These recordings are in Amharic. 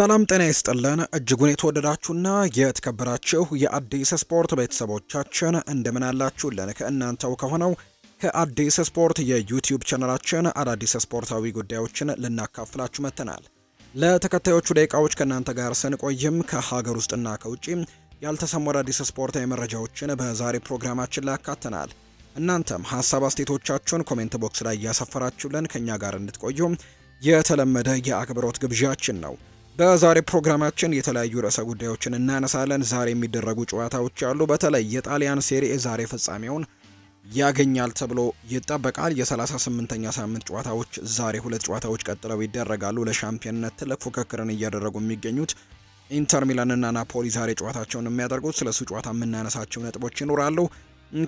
ሰላም ጤና ይስጥልን እጅጉን የተወደዳችሁና የተከበራችሁ የአዲስ ስፖርት ቤተሰቦቻችን እንደምን አላችሁልን? ከእናንተው ከሆነው ከአዲስ ስፖርት የዩቲዩብ ቻናላችን አዳዲስ ስፖርታዊ ጉዳዮችን ልናካፍላችሁ መጥተናል። ለተከታዮቹ ደቂቃዎች ከእናንተ ጋር ስንቆይም ከሀገር ውስጥና ከውጭ ያልተሰሙ አዳዲስ ስፖርታዊ መረጃዎችን በዛሬ ፕሮግራማችን ላይ ያካተናል። እናንተም ሀሳብ አስተያየቶቻችሁን ኮሜንት ቦክስ ላይ እያሰፈራችሁልን ከእኛ ጋር እንድትቆዩ የተለመደ የአክብሮት ግብዣችን ነው። በዛሬ ፕሮግራማችን የተለያዩ ርዕሰ ጉዳዮችን እናነሳለን። ዛሬ የሚደረጉ ጨዋታዎች አሉ። በተለይ የጣሊያን ሴሪኤ ዛሬ ፍጻሜውን ያገኛል ተብሎ ይጠበቃል። የ38ኛ ሳምንት ጨዋታዎች ዛሬ ሁለት ጨዋታዎች ቀጥለው ይደረጋሉ። ለሻምፒዮንነት ትልቅ ፉክክርን እያደረጉ የሚገኙት ኢንተር እና ናፖሊ ዛሬ ጨዋታቸውን የሚያደርጉት ስለሱ ጨዋታ የምናነሳቸው ነጥቦች ይኖራሉ።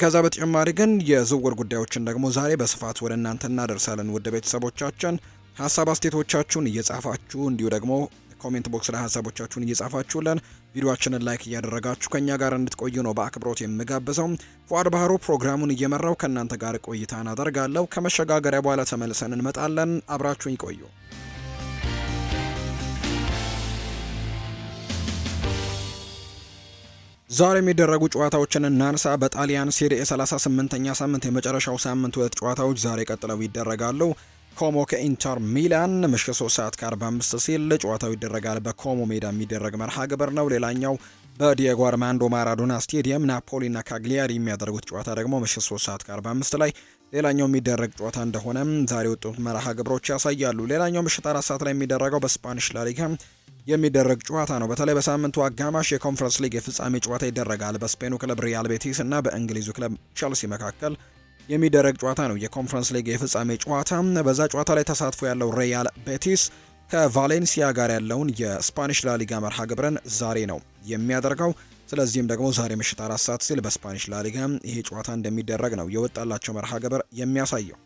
ከዛ በተጨማሪ ግን የዝውውር ጉዳዮችን ደግሞ ዛሬ በስፋት ወደ እናንተ እናደርሳለን። ውድ ቤተሰቦቻችን ሀሳብ አስቴቶቻችሁን እየጻፋችሁ እንዲሁ ደግሞ ኮሜንት ቦክስ ላይ ሀሳቦቻችሁን እየጻፋችሁልን ቪዲዮችንን ላይክ እያደረጋችሁ ከእኛ ጋር እንድትቆዩ ነው በአክብሮት የምጋብዘው። ፏድ ባህሩ ፕሮግራሙን እየመራው ከእናንተ ጋር ቆይታን አደርጋለሁ። ከመሸጋገሪያ በኋላ ተመልሰን እንመጣለን። አብራችሁን ይቆዩ። ዛሬ የሚደረጉ ጨዋታዎችን እናንሳ። በጣሊያን ሴሪኤ 38ኛ ሳምንት የመጨረሻው ሳምንት ሁለት ጨዋታዎች ዛሬ ቀጥለው ይደረጋሉ። ኮሞ ከኢንተር ሚላን ምሽት 3 ሰዓት ከ45 ሲል ጨዋታው ይደረጋል። በኮሞ ሜዳ የሚደረግ መርሃ ግብር ነው። ሌላኛው በዲየጎ አርማንዶ ማራዶና ስቴዲየም ናፖሊና ካግሊያሪ የሚያደርጉት ጨዋታ ደግሞ ምሽት 3 ሰዓት ከ45 ላይ ሌላኛው የሚደረግ ጨዋታ እንደሆነም ዛሬ ወጡት መርሃ ግብሮች ያሳያሉ። ሌላኛው ምሽት አራት ሰዓት ላይ የሚደረገው በስፓኒሽ ላሊጋ የሚደረግ ጨዋታ ነው። በተለይ በሳምንቱ አጋማሽ የኮንፈረንስ ሊግ የፍጻሜ ጨዋታ ይደረጋል። በስፔኑ ክለብ ሪያል ቤቲስ እና በእንግሊዙ ክለብ ቸልሲ መካከል የሚደረግ ጨዋታ ነው። የኮንፈረንስ ሊግ የፍጻሜ ጨዋታ። በዛ ጨዋታ ላይ ተሳትፎ ያለው ሬያል ቤቲስ ከቫሌንሲያ ጋር ያለውን የስፓኒሽ ላሊጋ መርሃ ግብረን ዛሬ ነው የሚያደርገው። ስለዚህም ደግሞ ዛሬ ምሽት አራት ሰዓት ሲል በስፓኒሽ ላሊጋ ይሄ ጨዋታ እንደሚደረግ ነው የወጣላቸው መርሃ ግብር የሚያሳየው።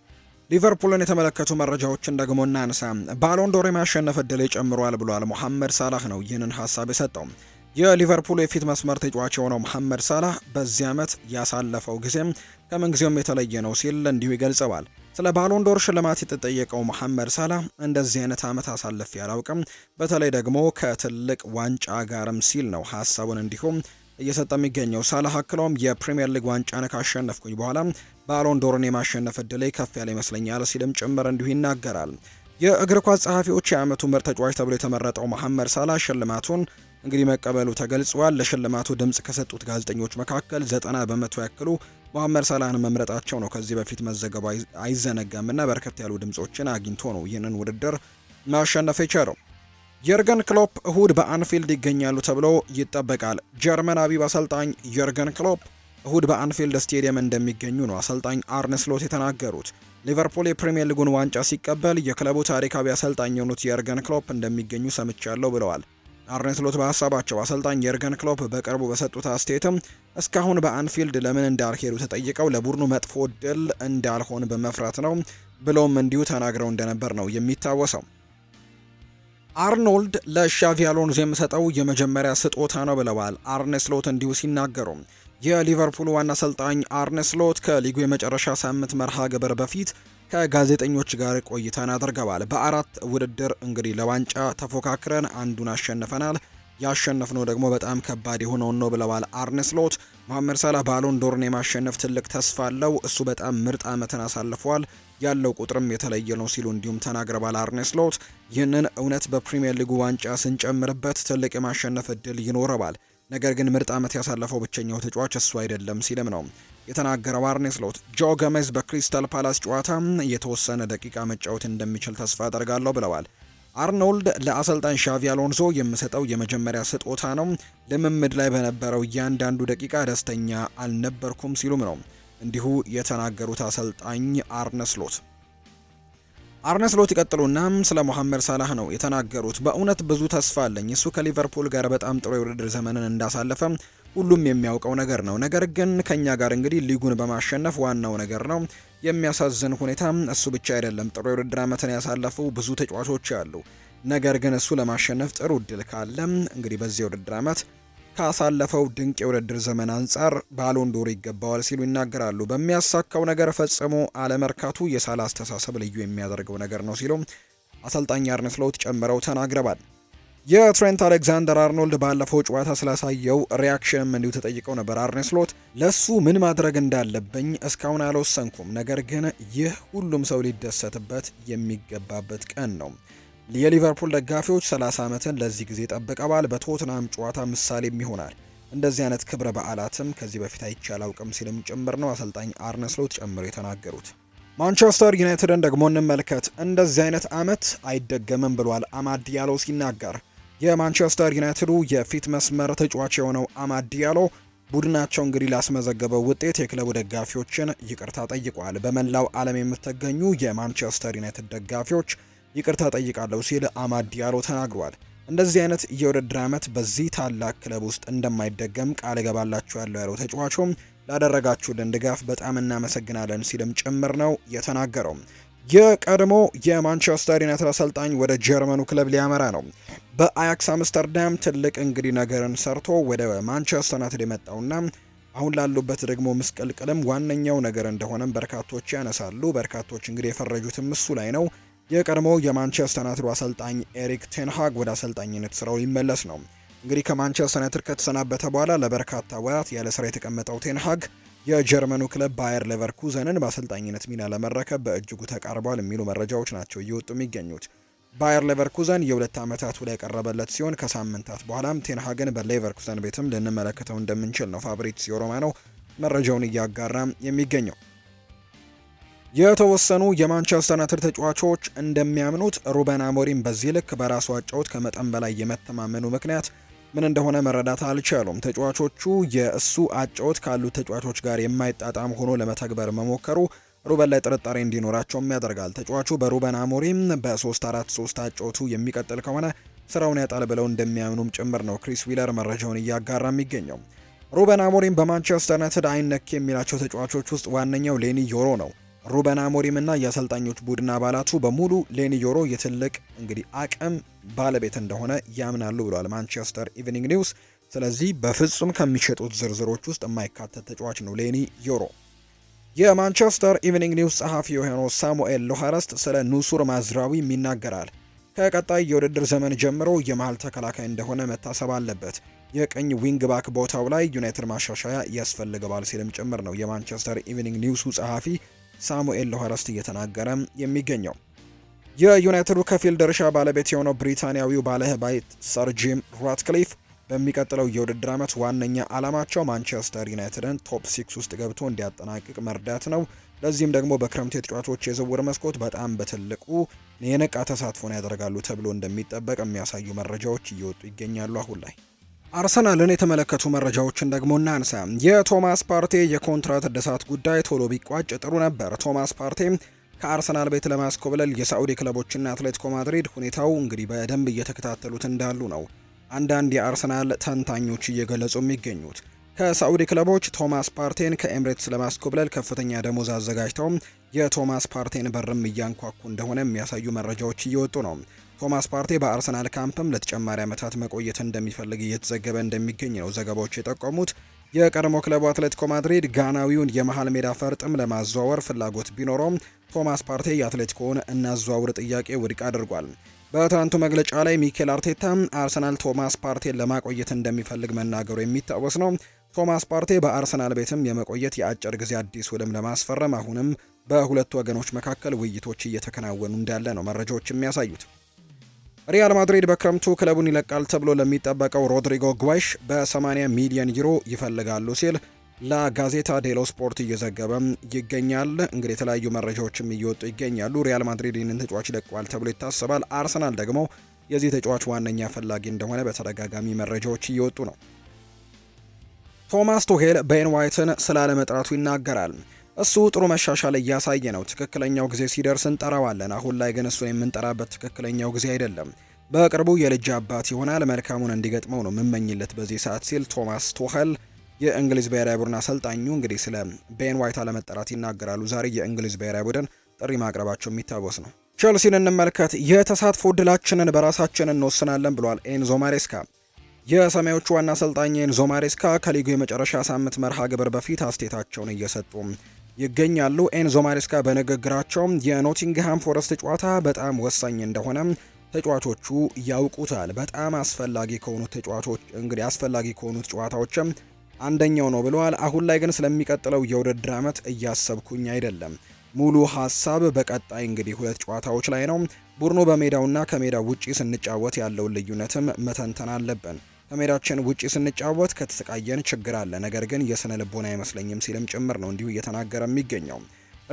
ሊቨርፑልን የተመለከቱ መረጃዎችን ደግሞ እናንሳ። ባሎንዶር የማሸነፍ እድል ጨምሯል ብሏል። ሞሐመድ ሳላህ ነው ይህንን ሀሳብ የሰጠው። የሊቨርፑል የፊት መስመር ተጫዋች የሆነው መሐመድ ሳላህ በዚህ ዓመት ያሳለፈው ጊዜም ከምንጊዜውም የተለየ ነው ሲል እንዲሁ ይገልጸዋል። ስለ ባሎንዶር ሽልማት የተጠየቀው መሐመድ ሳላህ እንደዚህ አይነት ዓመት አሳልፌ አላውቅም፣ በተለይ ደግሞ ከትልቅ ዋንጫ ጋርም ሲል ነው ሀሳቡን እንዲሁም እየሰጠ የሚገኘው ሳላ አክለውም የፕሪምየር ሊግ ዋንጫን ካሸነፍኩኝ በኋላ ባሎንዶርን የማሸነፍ እድሌ ከፍ ያለ ይመስለኛል ሲልም ጭምር እንዲሁ ይናገራል። የእግር ኳስ ጸሐፊዎች የዓመቱ ምርጥ ተጫዋች ተብሎ የተመረጠው መሐመድ ሳላ ሽልማቱን እንግዲህ መቀበሉ ተገልጿል። ለሽልማቱ ድምፅ ከሰጡት ጋዜጠኞች መካከል ዘጠና በመቶ ያክሉ መሐመድ ሰላህን መምረጣቸው ነው ከዚህ በፊት መዘገቡ አይዘነጋም እና በርከት ያሉ ድምፆችን አግኝቶ ነው ይህንን ውድድር ማሸነፍ የቻለው። የርገን ክሎፕ እሁድ በአንፊልድ ይገኛሉ ተብሎ ይጠበቃል። ጀርመናዊው አሰልጣኝ የርገን ክሎፕ እሁድ በአንፊልድ ስቴዲየም እንደሚገኙ ነው አሰልጣኝ አርነ ስሎት የተናገሩት። ሊቨርፑል የፕሪምየር ሊጉን ዋንጫ ሲቀበል የክለቡ ታሪካዊ አሰልጣኝ የሆኑት የርገን ክሎፕ እንደሚገኙ ሰምቻለሁ ብለዋል። አርነ ስሎት በሀሳባቸው አሰልጣኝ የርገን ክሎፕ በቅርቡ በሰጡት አስተያየትም እስካሁን በአንፊልድ ለምን እንዳልሄዱ ተጠይቀው ለቡድኑ መጥፎ ድል እንዳልሆን በመፍራት ነው ብሎም እንዲሁ ተናግረው እንደነበር ነው የሚታወሰው። አርኖልድ ለሻቪ አሎንዞ የምሰጠው የመጀመሪያ ስጦታ ነው ብለዋል አርነስ ስሎት እንዲሁ ሲናገሩ። የሊቨርፑል ዋና አሰልጣኝ አርነስ ስሎት ከሊጉ የመጨረሻ ሳምንት መርሃ ግብር በፊት ከጋዜጠኞች ጋር ቆይታን አድርገዋል። በአራት ውድድር እንግዲህ ለዋንጫ ተፎካክረን አንዱን አሸንፈናል ያሸነፍነው ደግሞ በጣም ከባድ የሆነውን ነው ብለዋል አርነስሎት። መሐመድ ሳላህ ባሎን ዶርን የማሸነፍ ትልቅ ተስፋ አለው። እሱ በጣም ምርጥ ዓመትን አሳልፏል። ያለው ቁጥርም የተለየ ነው ሲሉ እንዲሁም ተናግረዋል አርነስሎት። ይህንን እውነት በፕሪምየር ሊጉ ዋንጫ ስንጨምርበት ትልቅ የማሸነፍ እድል ይኖረዋል። ነገር ግን ምርጥ ዓመት ያሳለፈው ብቸኛው ተጫዋች እሱ አይደለም ሲልም ነው የተናገረው አርኔ ስሎት ጆ ገመዝ በክሪስታል ፓላስ ጨዋታ የተወሰነ ደቂቃ መጫወት እንደሚችል ተስፋ አደርጋለሁ ብለዋል። አርኖልድ ለአሰልጣኝ ሻቪ አሎንሶ የምሰጠው የመጀመሪያ ስጦታ ነው። ልምምድ ላይ በነበረው እያንዳንዱ ደቂቃ ደስተኛ አልነበርኩም ሲሉም ነው እንዲሁ የተናገሩት አሰልጣኝ አርነስሎት አርነስሎት ይቀጥሉና ስለ ሞሐመድ ሳላህ ነው የተናገሩት። በእውነት ብዙ ተስፋ አለኝ። እሱ ከሊቨርፑል ጋር በጣም ጥሩ የውድድር ዘመንን እንዳሳለፈ ሁሉም የሚያውቀው ነገር ነው። ነገር ግን ከኛ ጋር እንግዲህ ሊጉን በማሸነፍ ዋናው ነገር ነው። የሚያሳዝን ሁኔታ እሱ ብቻ አይደለም። ጥሩ የውድድር ዓመትን ያሳለፉ ብዙ ተጫዋቾች አሉ። ነገር ግን እሱ ለማሸነፍ ጥሩ እድል ካለ እንግዲህ በዚህ የውድድር ዓመት ካሳለፈው ድንቅ የውድድር ዘመን አንጻር ባሎን ዶር ይገባዋል ሲሉ ይናገራሉ። በሚያሳካው ነገር ፈጽሞ አለመርካቱ የሳላ አስተሳሰብ ልዩ የሚያደርገው ነገር ነው ሲሉ አሰልጣኝ አርነ ስሎት ጨምረው ተናግረዋል። የትሬንት አሌክዛንደር አርኖልድ ባለፈው ጨዋታ ስላሳየው ሪያክሽንም እንዲሁ ተጠይቀው ነበር። አርኔ ስሎት ለሱ ምን ማድረግ እንዳለብኝ እስካሁን አልወሰንኩም፣ ነገር ግን ይህ ሁሉም ሰው ሊደሰትበት የሚገባበት ቀን ነው። የሊቨርፑል ደጋፊዎች 30 ዓመትን ለዚህ ጊዜ ጠብቀዋል። በቶትናም ጨዋታ ምሳሌም ይሆናል። እንደዚህ አይነት ክብረ በዓላትም ከዚህ በፊት አይቼ አላውቅም ሲልም ጭምር ነው አሰልጣኝ አርነ ስሎት ጨምሮ የተናገሩት። ማንቸስተር ዩናይትድን ደግሞ እንመልከት። እንደዚህ አይነት ዓመት አይደገምም ብሏል አማድ ያለው ሲናገር የማንቸስተር ዩናይትዱ የፊት መስመር ተጫዋች የሆነው አማድ ዲያሎ ቡድናቸው እንግዲህ ላስመዘገበው ውጤት የክለቡ ደጋፊዎችን ይቅርታ ጠይቋል። በመላው ዓለም የምትገኙ የማንቸስተር ዩናይትድ ደጋፊዎች ይቅርታ ጠይቃለሁ ሲል አማድ ዲያሎ ተናግሯል። እንደዚህ አይነት የውድድር ዓመት በዚህ ታላቅ ክለብ ውስጥ እንደማይደገም ቃል እገባላችሁ ያለው ያለው ተጫዋቹም ላደረጋችሁልን ድጋፍ በጣም እናመሰግናለን ሲልም ጭምር ነው የተናገረው። የቀድሞ የማንቸስተር ዩናይትድ አሰልጣኝ ወደ ጀርመኑ ክለብ ሊያመራ ነው። በአያክስ አምስተርዳም ትልቅ እንግዲህ ነገርን ሰርቶ ወደ ማንቸስተር ዩናይትድ የመጣውና አሁን ላሉበት ደግሞ ምስቅልቅልም ዋነኛው ነገር እንደሆነም በርካቶች ያነሳሉ። በርካቶች እንግዲህ የፈረጁትም እሱ ላይ ነው። የቀድሞ የማንቸስተር ዩናይትድ አሰልጣኝ ኤሪክ ቴንሃግ ወደ አሰልጣኝነት ስራው ሊመለስ ነው። እንግዲህ ከማንቸስተር ዩናይትድ ከተሰናበተ በኋላ ለበርካታ ወራት ያለ ስራ የተቀመጠው ቴንሃግ የጀርመኑ ክለብ ባየር ሌቨርኩዘንን በአሰልጣኝነት ሚና ለመረከብ በእጅጉ ተቃርቧል የሚሉ መረጃዎች ናቸው እየወጡ የሚገኙት። ባየር ሌቨርኩዘን የሁለት ዓመታት ውል የቀረበለት ሲሆን ከሳምንታት በኋላም ቴንሃግን በሌቨርኩዘን ቤትም ልንመለከተው እንደምንችል ነው ፋብሪዚዮ ሮማኖ መረጃውን እያጋራ የሚገኘው። የተወሰኑ የማንቸስተር ዩናይትድ ተጫዋቾች እንደሚያምኑት ሩበን አሞሪም በዚህ ልክ በራሱ አጫውት ከመጠን በላይ የመተማመኑ ምክንያት ምን እንደሆነ መረዳት አልቻሉም። ተጫዋቾቹ የእሱ አጫውት ካሉት ተጫዋቾች ጋር የማይጣጣም ሆኖ ለመተግበር መሞከሩ ሩበን ላይ ጥርጣሬ እንዲኖራቸውም ያደርጋል። ተጫዋቹ በሩበን አሞሪም በ343 አጫወቱ የሚቀጥል ከሆነ ስራውን ያጣል ብለው እንደሚያምኑም ጭምር ነው ክሪስ ዊለር መረጃውን እያጋራ የሚገኘው። ሩበን አሞሪም በማንቸስተር ዩናይትድ አይነክ የሚላቸው ተጫዋቾች ውስጥ ዋነኛው ሌኒ ዮሮ ነው። ሩበን አሞሪም እና የአሰልጣኞች ቡድን አባላቱ በሙሉ ሌኒ ዮሮ የትልቅ እንግዲህ አቅም ባለቤት እንደሆነ ያምናሉ ብሏል ማንቸስተር ኢቭኒንግ ኒውስ። ስለዚህ በፍጹም ከሚሸጡት ዝርዝሮች ውስጥ የማይካተት ተጫዋች ነው ሌኒ ዮሮ። የማንቸስተር ኢቭኒንግ ኒውስ ጸሐፊ የሆነው ሳሙኤል ሎሃረስት ስለ ኑሱር ማዝራዊም ይናገራል። ከቀጣይ የውድድር ዘመን ጀምሮ የመሃል ተከላካይ እንደሆነ መታሰብ አለበት። የቀኝ ዊንግ ባክ ቦታው ላይ ዩናይትድ ማሻሻያ ያስፈልገዋል ሲልም ጭምር ነው የማንቸስተር ኢቭኒንግ ኒውሱ ጸሐፊ ሳሙኤል ሎሃረስት እየተናገረ የሚገኘው። የዩናይትዱ ከፊል ድርሻ ባለቤት የሆነው ብሪታንያዊው ባለህባይት ሰር ጂም ራትክሊፍ በሚቀጥለው የውድድር ዓመት ዋነኛ ዓላማቸው ማንቸስተር ዩናይትድን ቶፕ ሲክስ ውስጥ ገብቶ እንዲያጠናቅቅ መርዳት ነው። ለዚህም ደግሞ በክረምት የተጫዋቾች የዝውውር መስኮት በጣም በትልቁ የነቃ ተሳትፎን ያደርጋሉ ተብሎ እንደሚጠበቅ የሚያሳዩ መረጃዎች እየወጡ ይገኛሉ። አሁን ላይ አርሰናልን የተመለከቱ መረጃዎችን ደግሞ እናንሳ። የቶማስ ፓርቴ የኮንትራት እድሳት ጉዳይ ቶሎ ቢቋጭ ጥሩ ነበር። ቶማስ ፓርቴ ከአርሰናል ቤት ለማስኮብለል የሳዑዲ ክለቦችና አትሌቲኮ ማድሪድ ሁኔታው እንግዲህ በደንብ እየተከታተሉት እንዳሉ ነው አንዳንድ የአርሰናል ተንታኞች እየገለጹ የሚገኙት። ከሳዑዲ ክለቦች ቶማስ ፓርቴን ከኤምሬትስ ለማስኮብለል ከፍተኛ ደሞዝ አዘጋጅተው የቶማስ ፓርቴን በርም እያንኳኩ እንደሆነ የሚያሳዩ መረጃዎች እየወጡ ነው። ቶማስ ፓርቴ በአርሰናል ካምፕም ለተጨማሪ ዓመታት መቆየት እንደሚፈልግ እየተዘገበ እንደሚገኝ ነው ዘገባዎች የጠቆሙት። የቀድሞ ክለቡ አትሌቲኮ ማድሪድ ጋናዊውን የመሃል ሜዳ ፈርጥም ለማዘዋወር ፍላጎት ቢኖረውም ቶማስ ፓርቴ የአትሌቲኮውን እናዘዋውር ጥያቄ ውድቅ አድርጓል። በትናንቱ መግለጫ ላይ ሚኬል አርቴታ አርሰናል ቶማስ ፓርቴን ለማቆየት እንደሚፈልግ መናገሩ የሚታወስ ነው። ቶማስ ፓርቴ በአርሰናል ቤትም የመቆየት የአጭር ጊዜ አዲስ ውልም ለማስፈረም አሁንም በሁለቱ ወገኖች መካከል ውይይቶች እየተከናወኑ እንዳለ ነው መረጃዎች የሚያሳዩት። ሪያል ማድሪድ በክረምቱ ክለቡን ይለቃል ተብሎ ለሚጠበቀው ሮድሪጎ ጓሽ በ80 ሚሊዮን ዩሮ ይፈልጋሉ ሲል ላጋዜታ ዴሎ ስፖርት እየዘገበም ይገኛል። እንግዲህ የተለያዩ መረጃዎችም እየወጡ ይገኛሉ። ሪያል ማድሪድ ይህንን ተጫዋች ለቋል ተብሎ ይታሰባል። አርሰናል ደግሞ የዚህ ተጫዋች ዋነኛ ፈላጊ እንደሆነ በተደጋጋሚ መረጃዎች እየወጡ ነው። ቶማስ ቱሄል ቤን ዋይትን ስላለመጥራቱ ይናገራል። እሱ ጥሩ መሻሻል እያሳየ ነው። ትክክለኛው ጊዜ ሲደርስ እንጠራዋለን። አሁን ላይ ግን እሱን የምንጠራበት ትክክለኛው ጊዜ አይደለም። በቅርቡ የልጅ አባት ይሆናል። መልካሙን እንዲገጥመው ነው የምመኝለት በዚህ ሰዓት ሲል ቶማስ ቱሄል የእንግሊዝ ብሔራዊ ቡድን አሰልጣኙ እንግዲህ ስለ ቤን ዋይት አለመጠራት ይናገራሉ። ዛሬ የእንግሊዝ ብሔራዊ ቡድን ጥሪ ማቅረባቸው የሚታወስ ነው። ቸልሲን እንመልከት። የተሳትፎ እድላችንን በራሳችን እንወስናለን ብሏል ኤንዞ ማሬስካ። የሰማዮቹ ዋና አሰልጣኝ ኤንዞ ማሬስካ ከሊጉ የመጨረሻ ሳምንት መርሃ ግብር በፊት አስቴታቸውን እየሰጡ ይገኛሉ። ኤንዞ ማሬስካ በንግግራቸው የኖቲንግሃም ፎረስት ጨዋታ በጣም ወሳኝ እንደሆነ ተጫዋቾቹ ያውቁታል። በጣም አስፈላጊ ከሆኑት ተጫዋቾች እንግዲህ አስፈላጊ ከሆኑት ጨዋታዎችም አንደኛው ነው ብለዋል። አሁን ላይ ግን ስለሚቀጥለው የውድድር ዓመት እያሰብኩኝ አይደለም። ሙሉ ሀሳብ በቀጣይ እንግዲህ ሁለት ጨዋታዎች ላይ ነው። ቡድኑ በሜዳውና ከሜዳው ውጪ ስንጫወት ያለውን ልዩነትም መተንተን አለብን። ከሜዳችን ውጪ ስንጫወት ከተሰቃየን ችግር አለ፣ ነገር ግን የስነ ልቦና አይመስለኝም ሲልም ጭምር ነው እንዲሁ እየተናገረ የሚገኘው።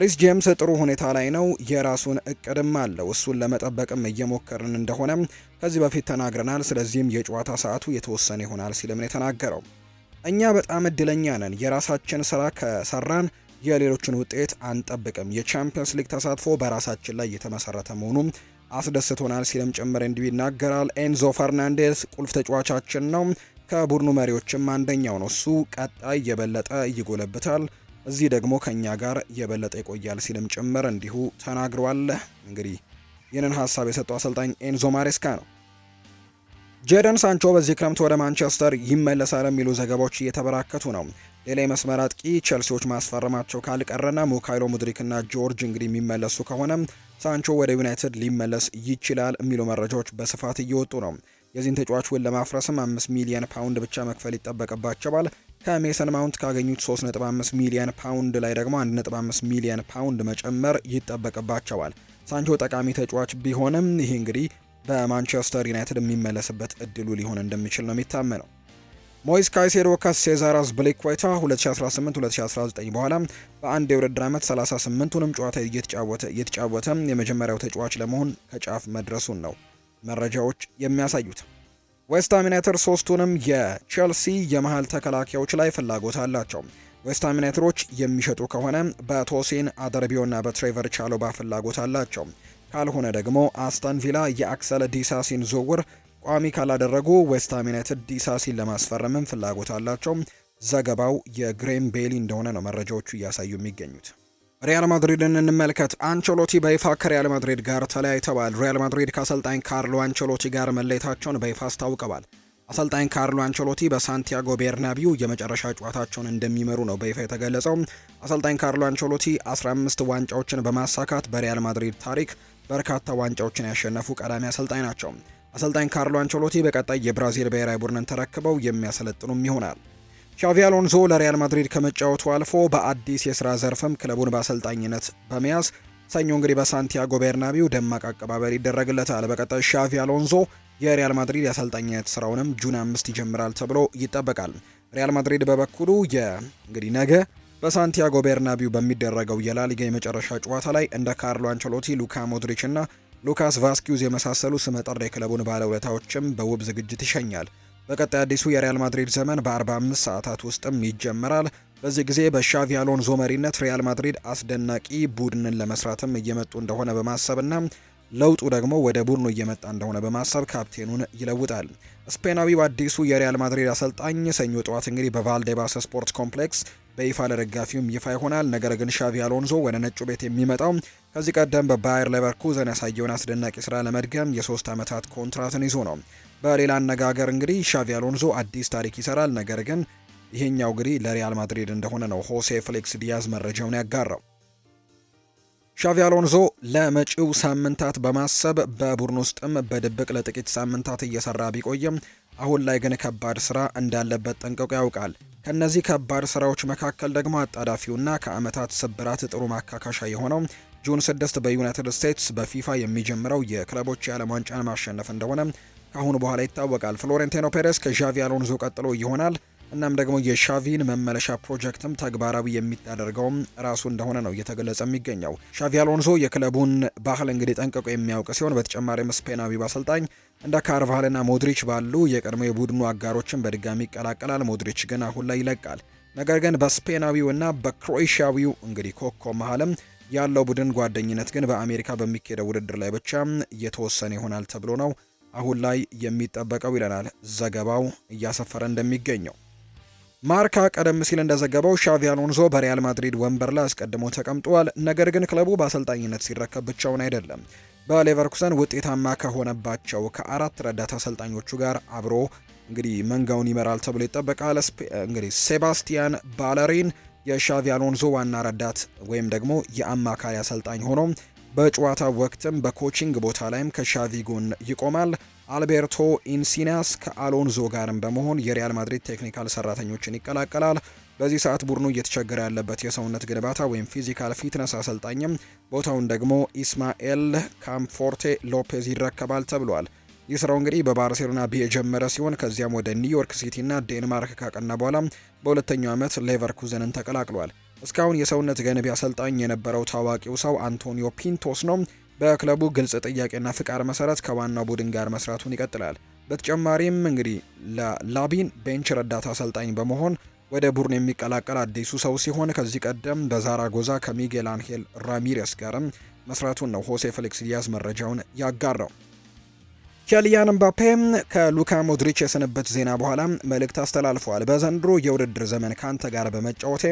ሪስ ጄምስ ጥሩ ሁኔታ ላይ ነው፣ የራሱን እቅድም አለው። እሱን ለመጠበቅም እየሞከርን እንደሆነ ከዚህ በፊት ተናግረናል። ስለዚህም የጨዋታ ሰዓቱ የተወሰነ ይሆናል ሲልም ነው የተናገረው። እኛ በጣም እድለኛ ነን። የራሳችን ስራ ከሰራን የሌሎችን ውጤት አንጠብቅም። የቻምፒየንስ ሊግ ተሳትፎ በራሳችን ላይ የተመሰረተ መሆኑም አስደስቶናል ሲልም ጭምር እንዲሁ ይናገራል። ኤንዞ ፈርናንዴስ ቁልፍ ተጫዋቻችን ነው፣ ከቡድኑ መሪዎችም አንደኛው ነው። እሱ ቀጣይ የበለጠ ይጎለብታል፣ እዚህ ደግሞ ከእኛ ጋር የበለጠ ይቆያል ሲልም ጭምር እንዲሁ ተናግሯል። እንግዲህ ይህንን ሀሳብ የሰጠው አሰልጣኝ ኤንዞ ማሬስካ ነው። ጄደን ሳንቾ በዚህ ክረምት ወደ ማንቸስተር ይመለሳል የሚሉ ዘገባዎች እየተበራከቱ ነው። ሌላ የመስመር አጥቂ ቼልሲዎች ማስፈረማቸው ካልቀረና ሙካይሎ ሙድሪክና ጆርጅ እንግዲህ የሚመለሱ ከሆነ ሳንቾ ወደ ዩናይትድ ሊመለስ ይችላል የሚሉ መረጃዎች በስፋት እየወጡ ነው። የዚህን ተጫዋች ውል ለማፍረስም 5 ሚሊዮን ፓውንድ ብቻ መክፈል ይጠበቅባቸዋል። ከሜሰን ማውንት ካገኙት 3.5 ሚሊዮን ፓውንድ ላይ ደግሞ 1.5 ሚሊዮን ፓውንድ መጨመር ይጠበቅባቸዋል። ሳንቾ ጠቃሚ ተጫዋች ቢሆንም ይህ እንግዲህ በማንቸስተር ዩናይትድ የሚመለስበት እድሉ ሊሆን እንደሚችል ነው የሚታመነው። ሞይስ ካይሴዶ ከሴዛር አስፕilicueta 2018-2019 በኋላ በአንድ የውድድር ዓመት 38ቱንም ጨዋታ እየተጫወተ እየተጫወተ የመጀመሪያው ተጫዋች ለመሆን ከጫፍ መድረሱን ነው መረጃዎች የሚያሳዩት። ዌስትሃም ዩናይትድ ሶስቱንም የቼልሲ የመሃል ተከላካዮች ላይ ፍላጎት አላቸው። ዌስትሃም ዩናይትዶች የሚሸጡ ከሆነ በቶሲን አደርቢዮና በትሬቨር ቻሎባ ፍላጎት አላቸው። ካልሆነ ደግሞ አስተን ቪላ የአክሰለ ዲሳሲን ዝውውር ቋሚ ካላደረጉ ዌስትሃም ዩናይትድ ዲሳሲን ለማስፈረምም ፍላጎት አላቸው። ዘገባው የግሬም ቤሊ እንደሆነ ነው መረጃዎቹ እያሳዩ የሚገኙት። ሪያል ማድሪድን እንመልከት። አንቸሎቲ በይፋ ከሪያል ማድሪድ ጋር ተለያይተዋል። ሪያል ማድሪድ ከአሰልጣኝ ካርሎ አንቸሎቲ ጋር መለየታቸውን በይፋ አስታውቀዋል። አሰልጣኝ ካርሎ አንቸሎቲ በሳንቲያጎ ቤርናቢው የመጨረሻ ጨዋታቸውን እንደሚመሩ ነው በይፋ የተገለጸው። አሰልጣኝ ካርሎ አንቸሎቲ 15 ዋንጫዎችን በማሳካት በሪያል ማድሪድ ታሪክ በርካታ ዋንጫዎችን ያሸነፉ ቀዳሚ አሰልጣኝ ናቸው። አሰልጣኝ ካርሎ አንቸሎቲ በቀጣይ የብራዚል ብሔራዊ ቡድንን ተረክበው የሚያሰለጥኑም ይሆናል። ሻቪ አሎንዞ ለሪያል ማድሪድ ከመጫወቱ አልፎ በአዲስ የስራ ዘርፍም ክለቡን በአሰልጣኝነት በመያዝ ሰኞ እንግዲህ በሳንቲያጎ ቤርናቢው ደማቅ አቀባበል ይደረግለታል። በቀጣይ ሻቪ አሎንዞ የሪያል ማድሪድ የአሰልጣኝነት ስራውንም ጁን አምስት ይጀምራል ተብሎ ይጠበቃል። ሪያል ማድሪድ በበኩሉ የእንግዲህ ነገ በሳንቲያጎ ቤርናቢው በሚደረገው የላሊጋ የመጨረሻ ጨዋታ ላይ እንደ ካርሎ አንቸሎቲ፣ ሉካ ሞድሪች እና ሉካስ ቫስኪዩዝ የመሳሰሉ ስመጥር የክለቡን ባለውለታዎችም በውብ ዝግጅት ይሸኛል። በቀጣይ አዲሱ የሪያል ማድሪድ ዘመን በ45 ሰዓታት ውስጥም ይጀመራል። በዚህ ጊዜ በሻቪ አሎንዞ መሪነት ሪያል ማድሪድ አስደናቂ ቡድንን ለመስራትም እየመጡ እንደሆነ በማሰብና ለውጡ ደግሞ ወደ ቡድኑ እየመጣ እንደሆነ በማሰብ ካፕቴኑን ይለውጣል። ስፔናዊው አዲሱ የሪያል ማድሪድ አሰልጣኝ ሰኞ ጠዋት እንግዲህ በቫልዴባስ ስፖርት ኮምፕሌክስ በይፋ ለደጋፊውም ይፋ ይሆናል። ነገር ግን ሻቪ አሎንዞ ወደ ነጩ ቤት የሚመጣው ከዚህ ቀደም በባየር ሌቨርኩዘን ያሳየውን አስደናቂ ስራ ለመድገም የሶስት ዓመታት ኮንትራትን ይዞ ነው። በሌላ አነጋገር እንግዲህ ሻቪ አሎንዞ አዲስ ታሪክ ይሰራል። ነገር ግን ይሄኛው እንግዲህ ለሪያል ማድሪድ እንደሆነ ነው ሆሴ ፍሌክስ ዲያዝ መረጃውን ያጋራው። ሻቪ አሎንዞ ለመጪው ሳምንታት በማሰብ በቡድን ውስጥም በድብቅ ለጥቂት ሳምንታት እየሰራ ቢቆይም አሁን ላይ ግን ከባድ ስራ እንዳለበት ጠንቅቆ ያውቃል። ከእነዚህ ከባድ ስራዎች መካከል ደግሞ አጣዳፊውና ከአመታት ስብራት ጥሩ ማካካሻ የሆነው ጁን ስድስት በዩናይትድ ስቴትስ በፊፋ የሚጀምረው የክለቦች የዓለም ዋንጫን ማሸነፍ እንደሆነ ከአሁኑ በኋላ ይታወቃል። ፍሎሬንቲኖ ፔሬስ ከዣቪ አሎንዞ ቀጥሎ ይሆናል። እናም ደግሞ የሻቪን መመለሻ ፕሮጀክትም ተግባራዊ የሚታደርገውም ራሱ እንደሆነ ነው እየተገለጸ የሚገኘው። ሻቪ አሎንሶ የክለቡን ባህል እንግዲህ ጠንቅቆ የሚያውቅ ሲሆን በተጨማሪም ስፔናዊ አሰልጣኝ እንደ ካርቫልና ሞድሪች ባሉ የቀድሞ የቡድኑ አጋሮችን በድጋሚ ይቀላቀላል። ሞድሪች ግን አሁን ላይ ይለቃል። ነገር ግን በስፔናዊውና በክሮኤሽያዊው እንግዲህ ኮኮ መሀልም ያለው ቡድን ጓደኝነት ግን በአሜሪካ በሚካሄደው ውድድር ላይ ብቻ እየተወሰነ ይሆናል ተብሎ ነው አሁን ላይ የሚጠበቀው ይለናል ዘገባው እያሰፈረ እንደሚገኘው። ማርካ ቀደም ሲል እንደዘገበው ሻቪ አሎንዞ በሪያል ማድሪድ ወንበር ላይ አስቀድሞ ተቀምጧል። ነገር ግን ክለቡ በአሰልጣኝነት ሲረከብ ብቻውን አይደለም። በሌቨርኩሰን ውጤታማ ከሆነባቸው ከአራት ረዳት አሰልጣኞቹ ጋር አብሮ እንግዲህ መንጋውን ይመራል ተብሎ ይጠበቃል። እንግዲህ ሴባስቲያን ባለሪን የሻቪ አሎንዞ ዋና ረዳት ወይም ደግሞ የአማካሪ አሰልጣኝ ሆኖ በጨዋታ ወቅትም በኮቺንግ ቦታ ላይም ከሻቪ ጎን ይቆማል። አልቤርቶ ኢንሲናስ ከአሎንዞ ጋርም በመሆን የሪያል ማድሪድ ቴክኒካል ሰራተኞችን ይቀላቀላል። በዚህ ሰዓት ቡድኑ እየተቸገረ ያለበት የሰውነት ግንባታ ወይም ፊዚካል ፊትነስ አሰልጣኝም ቦታውን ደግሞ ኢስማኤል ካምፎርቴ ሎፔዝ ይረከባል ተብሏል። ይህ ስራው እንግዲህ በባርሴሎና ቢ የጀመረ ሲሆን ከዚያም ወደ ኒውዮርክ ሲቲና ዴንማርክ ካቀና በኋላ በሁለተኛው ዓመት ሌቨርኩዘንን ተቀላቅሏል። እስካሁን የሰውነት ገንቢ አሰልጣኝ የነበረው ታዋቂው ሰው አንቶኒዮ ፒንቶስ ነው። በክለቡ ግልጽ ጥያቄና ፍቃድ መሰረት ከዋናው ቡድን ጋር መስራቱን ይቀጥላል። በተጨማሪም እንግዲህ ለላቢን ቤንች ረዳት አሰልጣኝ በመሆን ወደ ቡርን የሚቀላቀል አዲሱ ሰው ሲሆን ከዚህ ቀደም በዛራጎዛ ከሚጌል አንሄል ራሚሬስ ጋርም መስራቱን ነው ሆሴ ፌሊክስ ዲያዝ መረጃውን ያጋራው። ኪሊያን ምባፔ ከሉካ ሞድሪች የስንብት ዜና በኋላ መልእክት አስተላልፏል። በዘንድሮ የውድድር ዘመን ካንተ ጋር በመጫወቴ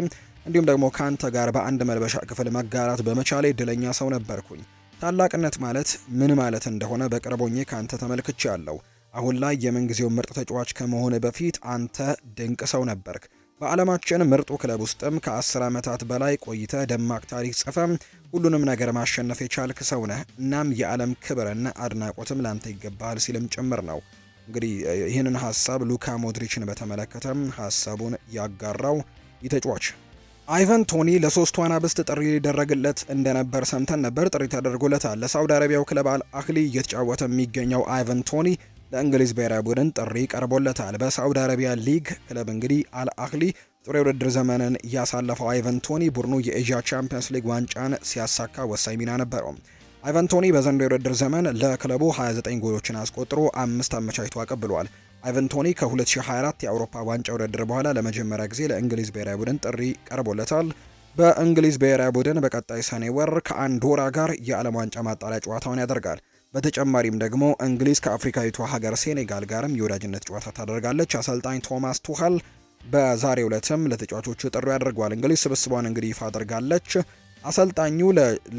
እንዲሁም ደግሞ ካንተ ጋር በአንድ መልበሻ ክፍል መጋራት በመቻሌ እድለኛ ሰው ነበርኩኝ። ታላቅነት ማለት ምን ማለት እንደሆነ በቅርቦኜ ከአንተ ተመልክቼ ያለው። አሁን ላይ የምንጊዜው ምርጥ ተጫዋች ከመሆን በፊት አንተ ድንቅ ሰው ነበርክ። በዓለማችን ምርጡ ክለብ ውስጥም ከ10 ዓመታት በላይ ቆይተ ደማቅ ታሪክ ጽፈ ሁሉንም ነገር ማሸነፍ የቻልክ ሰው ነህ። እናም የዓለም ክብርና አድናቆትም ላንተ ይገባሃል ሲልም ጭምር ነው። እንግዲህ ይህንን ሀሳብ ሉካ ሞድሪችን በተመለከተም ሀሳቡን ያጋራው ይተጫዋች አይቫን ቶኒ ለሶስቱ አናብስት ጥሪ ሊደረግለት እንደነበር ሰምተን ነበር። ጥሪ ተደርጎለታል። ለሳውዲ አረቢያው ክለብ አልአህሊ እየተጫወተ የሚገኘው አይቫን ቶኒ ለእንግሊዝ ብሔራዊ ቡድን ጥሪ ቀርቦለታል። በሳውዲ አረቢያ ሊግ ክለብ እንግዲህ አልአህሊ አህሊ ጥሩ የውድድር ዘመንን ያሳለፈው አይቫን ቶኒ ቡድኑ የኤዥያ ቻምፒየንስ ሊግ ዋንጫን ሲያሳካ ወሳኝ ሚና ነበረው። አይቫን ቶኒ በዘንድሮው የውድድር ዘመን ለክለቡ 29 ጎሎችን አስቆጥሮ አምስት አመቻችቶ አቀብሏል። አይቨን ቶኒ ከ2024 የአውሮፓ ዋንጫ ውድድር በኋላ ለመጀመሪያ ጊዜ ለእንግሊዝ ብሔራዊ ቡድን ጥሪ ቀርቦለታል። በእንግሊዝ ብሔራዊ ቡድን በቀጣይ ሰኔ ወር ከአንዶራ ጋር የዓለም ዋንጫ ማጣሪያ ጨዋታውን ያደርጋል። በተጨማሪም ደግሞ እንግሊዝ ከአፍሪካዊቷ ሀገር ሴኔጋል ጋርም የወዳጅነት ጨዋታ ታደርጋለች። አሰልጣኝ ቶማስ ቱሃል በዛሬው ዕለትም ለተጫዋቾቹ ጥሪ ያደርገዋል። እንግሊዝ ስብስቧን እንግዲህ ይፋ አድርጋለች። አሰልጣኙ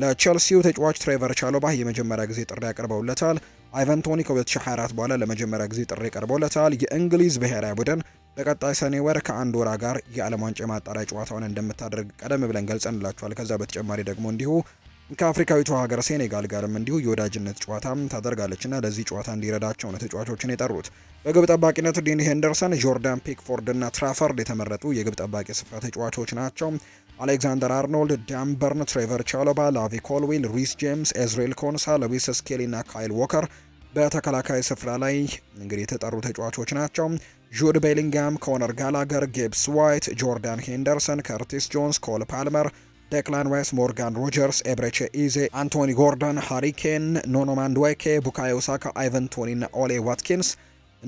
ለቼልሲው ተጫዋች ትሬቨር ቻሎባህ የመጀመሪያ ጊዜ ጥሪ ያቀርበውለታል። አይቫን ቶኒ ከ2024 በኋላ ለመጀመሪያ ጊዜ ጥሪ ቀርቦለታል። የእንግሊዝ ብሔራዊ ቡድን በቀጣይ ሰኔ ወር ከአንድ ወራ ጋር የዓለም ዋንጫ የማጣሪያ ጨዋታውን እንደምታደርግ ቀደም ብለን ገልጸንላችኋል። ከዛ በተጨማሪ ደግሞ እንዲሁ ከአፍሪካዊቷ ሀገር ሴኔጋል ጋርም እንዲሁ የወዳጅነት ጨዋታም ታደርጋለች ና ለዚህ ጨዋታ እንዲረዳቸው ነው ተጫዋቾችን የጠሩት። በግብ ጠባቂነት ዲኒ ሄንደርሰን፣ ጆርዳን ፒክፎርድ ና ትራፈርድ የተመረጡ የግብ ጠባቂ ስፍራ ተጫዋቾች ናቸው። አሌክዛንደር አርኖልድ፣ ዳምበርን፣ ትሬቨር ቻሎባ፣ ላቪ ኮልዊል፣ ሪስ ጄምስ፣ ኤዝሬል ኮንሳ፣ ሉዊስ ስኬሊ ና ካይል ዎከር በተከላካይ ስፍራ ላይ እንግዲህ የተጠሩ ተጫዋቾች ናቸው። ጁድ ቤሊንጋም፣ ኮነር ጋላገር፣ ጊብስ ዋይት፣ ጆርዳን ሄንደርሰን፣ ከርቲስ ጆንስ፣ ኮል ፓልመር፣ ዴክላን ራይስ፣ ሞርጋን ሮጀርስ፣ ኤብሬቼ ኢዜ፣ አንቶኒ ጎርደን፣ ሃሪኬን፣ ኖኖ ማንድዌኬ፣ ቡካዮ ሳካ፣ አይቨን ቶኒ ና ኦሌ ዋትኪንስ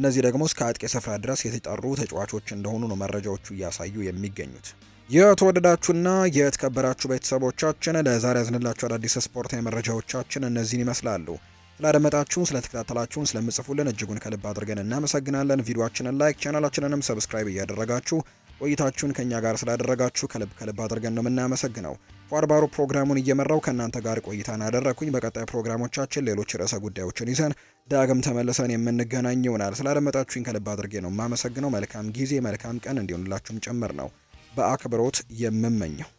እነዚህ ደግሞ እስከ አጥቂ ስፍራ ድረስ የተጠሩ ተጫዋቾች እንደሆኑ ነው መረጃዎቹ እያሳዩ የሚገኙት። የተወደዳችሁና የተከበራችሁ ቤተሰቦቻችን ለዛሬ ያዝንላችሁ አዳዲስ ስፖርታዊ መረጃዎቻችን እነዚህን ይመስላሉ። ስላደመጣችሁን፣ ስለተከታተላችሁን፣ ስለምጽፉልን እጅጉን ከልብ አድርገን እናመሰግናለን። ቪዲዮችንን ላይክ፣ ቻናላችንንም ሰብስክራይብ እያደረጋችሁ ቆይታችሁን ከእኛ ጋር ስላደረጋችሁ ከልብ ከልብ አድርገን ነው የምናመሰግነው። ፏርባሩ ፕሮግራሙን እየመራው ከእናንተ ጋር ቆይታን አደረግኩኝ። በቀጣይ ፕሮግራሞቻችን ሌሎች ርዕሰ ጉዳዮችን ይዘን ዳግም ተመልሰን የምንገናኝ ይሆናል። ስላደመጣችሁኝ ከልብ አድርጌ ነው የማመሰግነው። መልካም ጊዜ፣ መልካም ቀን እንዲሆንላችሁም ጭምር ነው። በአክብሮት የምመኘው።